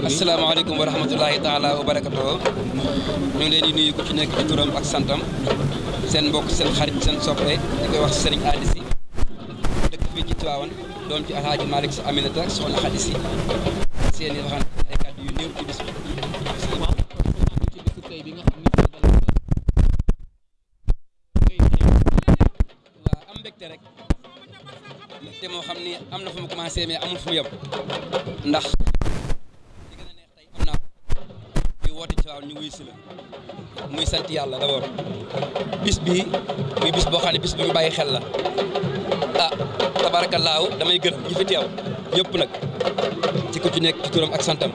asalaamaaleykum wa rahmatulahi taala wa barakatuh ñu ngi leen nuyu ku ci nekk ci turam ak santam seen mbokk seen xarit seen soppe di koy wax sëriñ Aly Sy dëkk fii ci Tiwaawan doom ci alhaaji Malick Sy ay kàddu yu néew ci bis bi waaw am mbégte rek mbégte moo xam ne am na fu mu commencé mais amul fu mu yem ndax gaaw ñu wuy muy sant yàlla d'abord bis bi muy bis boo xam ne bis bu ñu bàyyi xel la ah tabarakallaahu damay gën ñi fi teew yëpp nag ci ku ci nekk ci turam ak santam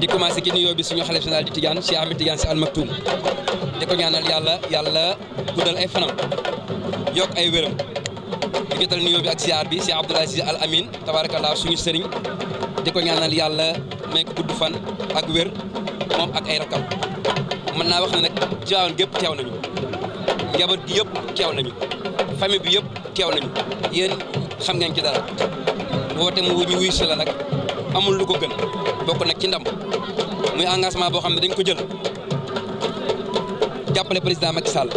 di commencé ki nuyoo bi suñu xalif général di Tidiane Cheikh Ahmed Tidiane Sy Al Maktoum di ko ñaanal yàlla yàlla guddal ay fanam yokk ay wéram di jotal nuyoo bi ak ziar bi Cheikh Abdoul Aziz Al Amin tabarakallaahu suñu sëriñ di ko ñaanal yàlla may ko gudd fan ak wér moom ak ay rakkam mën naa wax na nag Tiwaawan gépp teew nañu njaboot gi yëpp teew nañu famille bi yëpp teew nañu yéen xam ngeen ci dara woote mu ñu wuy la nag amul lu ko gën bokk nag ci ndam muy engagement boo xam ne dañ ko jël jàppale président Macky Sall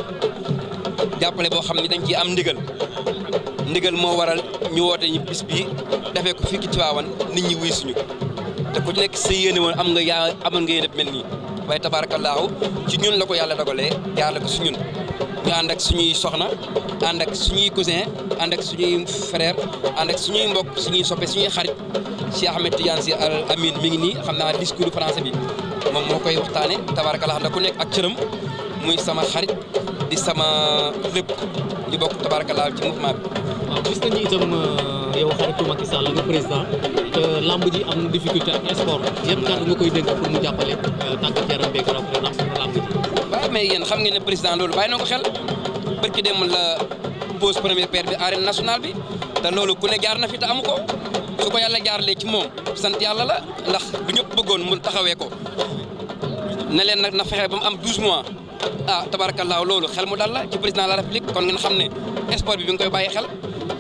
jàppale boo xam ne dañ ci am ndigal ndigal moo waral ñu woote ñu bis bii dafee ko fii ci Tiwaawan nit ñi wuy suñu te ku nekk sa yéene woon am nga yaa amoon nga yéene mel nii waaye tabaarakallaahu ci ñun la ko yàlla dogalee jaar la ko si ñun ñu ànd ak suñuy soxna ànd ak suñuy cousin ànd ak suñuy frère ànd ak suñuy mbokk suñuy soppe suñuy xarit Cheikh Ahmed Tidiane Sy Amine mi ngi nii xam naa discours français bi moom moo koy waxtaane tabaarakallaahu ndax ku nekk ak cëram muy sama xarit di sama lépp di bokk tabaarakallaahu ci mouvement bi. waaw gis yow xaritu Macky Sall nga président lamb ji am na difficulté ak sport yëpp kàddu nga koy dénk pour mu jàppale euh, tàggat yaram beeg rafet lamb ji. waaw mais yéen xam ngeen ne président loolu bàyyi na ko xel barki dem la pose première pierre bi arène nationale bi te loolu ku ne jaar na fi te amu ko su ko yàlla jaaralee ci moom sant yàlla la ndax du ñëpp bëggoon mu taxawee ko ne leen nag na fexe ba mu am 12 mois. ah tabarakallaahu loolu xel mu dal la ci président la république kon ngeen xam ne sport bi bi nga koy bàyyi xel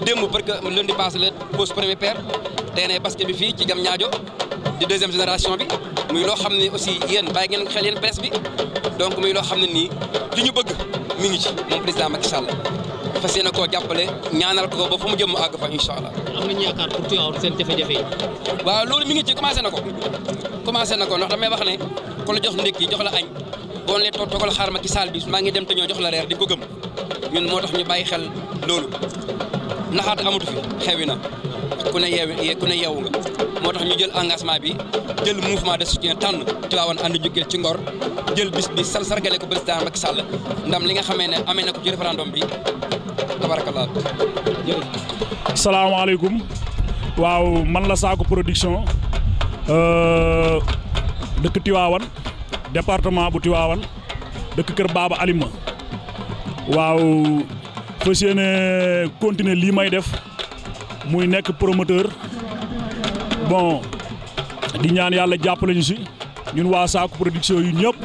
démb parce que lundi passé la pose premier père tey ne basket bi fii ci jam ñaajo di deuxième génération bi muy loo xam ne aussi yéen bàyyi ngeen xel yéen presse bi donc muy loo xam ne nii li ñu bëgg mi ngi ci moom président Macky Sall fas yéene koo jàppale ñaanal ko ba fu mu jëm àgg fa incha allah. am nañu yaakaar pour waaw loolu mi ngi ci commencé na ko commencé na ko ndax damay wax ne ku la jox ndékki jox la añ boo nee toog xaar Macky Sall bi maa ngi dem ñoo jox moo tax ñu bàyyi xel loolu. naxaat amatu fi xewi na ku ne yeewu ku ne yeewu nga moo tax ñu jël engagement bi jël mouvement de soutien tànn Tivaouane ànd jukkeel ci ngor jël bis bi sal sargale ko président Macky Sall ndam li nga xamee ne amee na ko ci référendum bi tabarakallah jërëjëf salaamaaleykum waaw man la Sakho production euh, dëkk Tivaouane département bu Tivaouane dëkk kër Baba Alima waaw fas yéene continuer lii may def muy nekk promoteur bon di ñaan yàlla jàpp ñu si ñun waa Sakku production yu ñëpp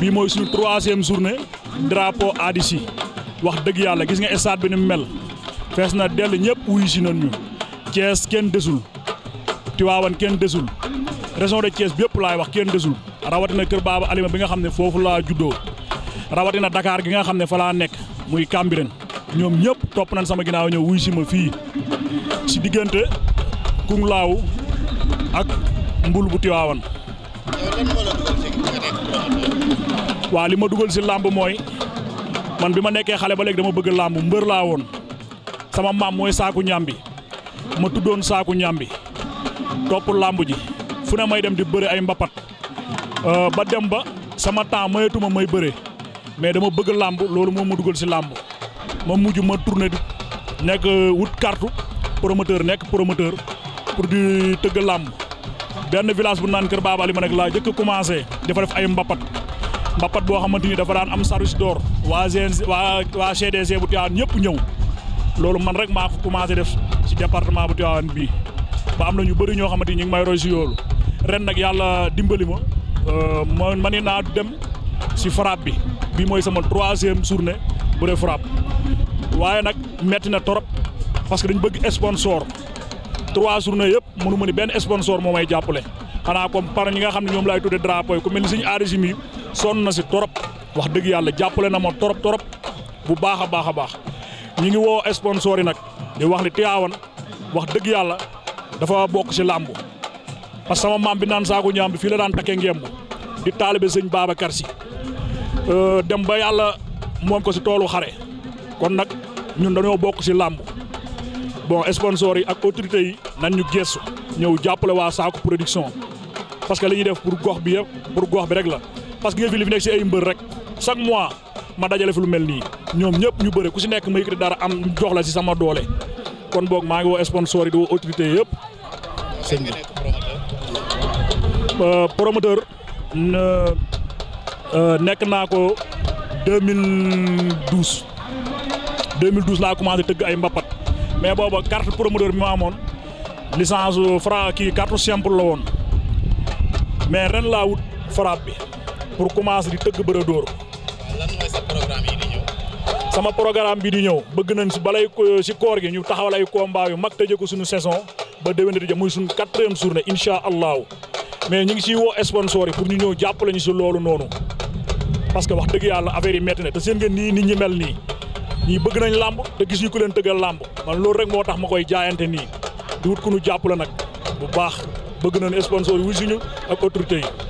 bii mooy suñu troisième journée drapeau ADISI wax dëgg yàlla gis nga stade bi ni mel fees na dell ñëpp wuyu si nañ ñu Thiès kenn desul Tivaouane kenn desul région de Thiès bépp laay wax kenn desul rawatina kër Baba Alima bi nga xam ne foofu laa juddoo rawatina dakaar gi nga xam ne fa laa nekk muy Cambérène ñoom ñëpp topp nañ sama ginaaw ñëw wuy si ma fii si diggante Kung Laaw ak mbul bu Tiwaawan. waa li ma dugal si làmb mooy man bi ma nekkee xale ba léegi dama bëgg làmb mbër laa woon sama maam mooy saaku ñambi ma tuddoon saaku ñambi topp làmb ji fu ne may dem di bëre ay mbapat euh, ba dem ba sama temps mayatuma may bëre mais dama bëgg làmb loolu moom ma dugal si làmb ma mujj ma tourné di nekk euh, wut carte promoteur nekk promoteur pour di tëgg làmb benn village bu naan Kër Baaba Ali ma nekk laa jëkk commencé dafa def ay mbapat mbapat boo xamante ni dafa daan am service d'or waa GNC waa bu Tivaouane ñëpp ñëw loolu man rek maa ko commencé def ci département bu Tivaouane bii ba am na ñu bëri ñoo xamante ni ñu ngi may roy si yoolu ren nag yàlla dimbali ma euh, ma mani naa dem si frappe bi bii mooy sama troisième journée bu dee frappe waaye nag metti na torop parce que dañu bëgg sponsor trois journées yëpp mënu ma ni benn sponsor moo may jàppale xanaa comme par ñi nga xam ne ñoom lay tudde drapeau yi ku mel ni suñu arrégime yi sonn na si torop wax dëgg yàlla jàppale na ma torop torop bu baax a baax a baax ñu ngi woo sponsor yi nag di wax ni Tiwaawan wax dëgg yàlla dafa bokk si làmb parce que sama maam bi naan saako ñaam bi fii la daan takkee ngemb di taalibe sëñ Babacar Si euh, dem ba yàlla moom ko si toolu xare kon nag ñun dañoo bokk si làmb bon sponsors yi ak autorités yi nan ñu gëstu ñëw jàppale waa Sakho production parce que lañuy def pour gox bi yëpp pour gox bi rek la parce que ngeen fi li fi nekk si ay mbër rek chaque mois ma dajale fi lu mel nii ñoom ñëpp ñu bëre ku si nekk ma yëkkati dara am jox la si sama doole kon boog maa ngi woo sponsors yi di woo autorités yëpp. sëñ euh, promoteur euh, nekk naa ko. 2012 2012 laa commencé tëgg ay mbapat mais booba carte promoteur bi ma amoon licence Fra kii carte simple la woon mais ren laa wut frappe bi pour commencer di tëgg bëre dóor. lan mooy ñëw. sama programme bi di ñëw bëgg nañ si balay si koor gi ñu taxawal ay combat yu mag tëjee ko suñu saison ba déwénati ja muy suñu quatrième journée incha allahu mais ñu ngi si woo sponsor yi pour ñu ñëw jàpp ñu si loolu noonu. parce que wax dëgg yàlla affaire yi métti na te seen ngeen nii nit ñi mel nii ñii bëgg nañ làmb te gis ñu ku leen tëggal làmb man loolu rek moo tax ma koy jaayante nii di wut ku nu jàpp la nag bu baax bëgg nañ sponsor wu suñu ak autorité yi